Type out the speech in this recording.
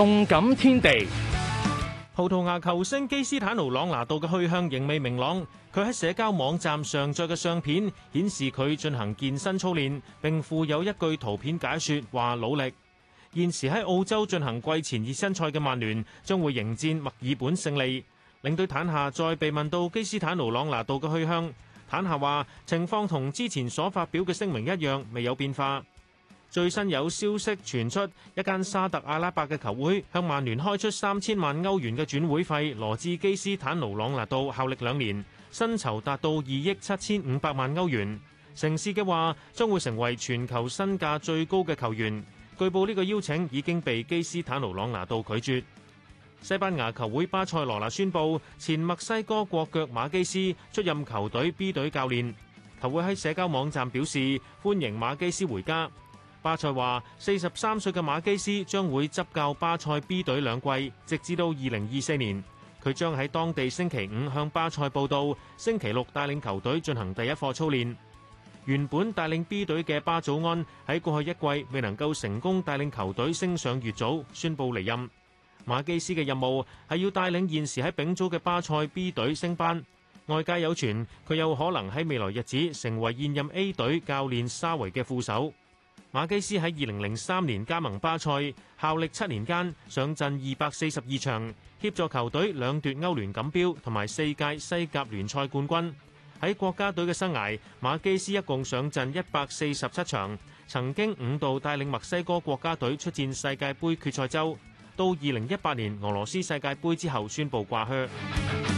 動感天地，葡萄牙球星基斯坦奴朗拿度嘅去向仍未明朗。佢喺社交網站上載嘅相片顯示佢進行健身操練，並附有一句圖片解說：話努力。現時喺澳洲進行季前熱身賽嘅曼聯將會迎戰墨爾本勝利。領隊坦夏再被問到基斯坦奴朗拿度嘅去向，坦夏話情況同之前所發表嘅聲明一樣，未有變化。最新有消息傳出，一間沙特阿拉伯嘅球會向曼聯開出三千萬歐元嘅轉會費，羅致基斯坦奴朗拿度效力兩年，薪酬達到二億七千五百萬歐元。成事嘅話將會成為全球身價最高嘅球員。據報呢個邀請已經被基斯坦奴朗拿度拒絕。西班牙球會巴塞羅那宣布，前墨西哥國腳馬基斯出任球隊 B 隊教練。球會喺社交網站表示歡迎馬基斯回家。巴塞話：四十三歲嘅馬基斯將會執教巴塞 B 隊兩季，直至到二零二四年。佢將喺當地星期五向巴塞報到，星期六帶領球隊進行第一課操練。原本帶領 B 隊嘅巴祖安喺過去一季未能夠成功帶領球隊升上乙組，宣布離任。馬基斯嘅任務係要帶領現時喺丙組嘅巴塞 B 隊升班。外界有傳佢有可能喺未來日子成為現任 A 隊教練沙維嘅副手。馬基斯喺二零零三年加盟巴塞，效力七年間上陣二百四十二場，協助球隊兩奪歐聯錦標同埋四屆西甲聯賽冠軍。喺國家隊嘅生涯，馬基斯一共上陣一百四十七場，曾經五度帶領墨西哥國家隊出戰世界杯決賽周。到二零一八年俄羅斯世界杯之後宣布掛靴。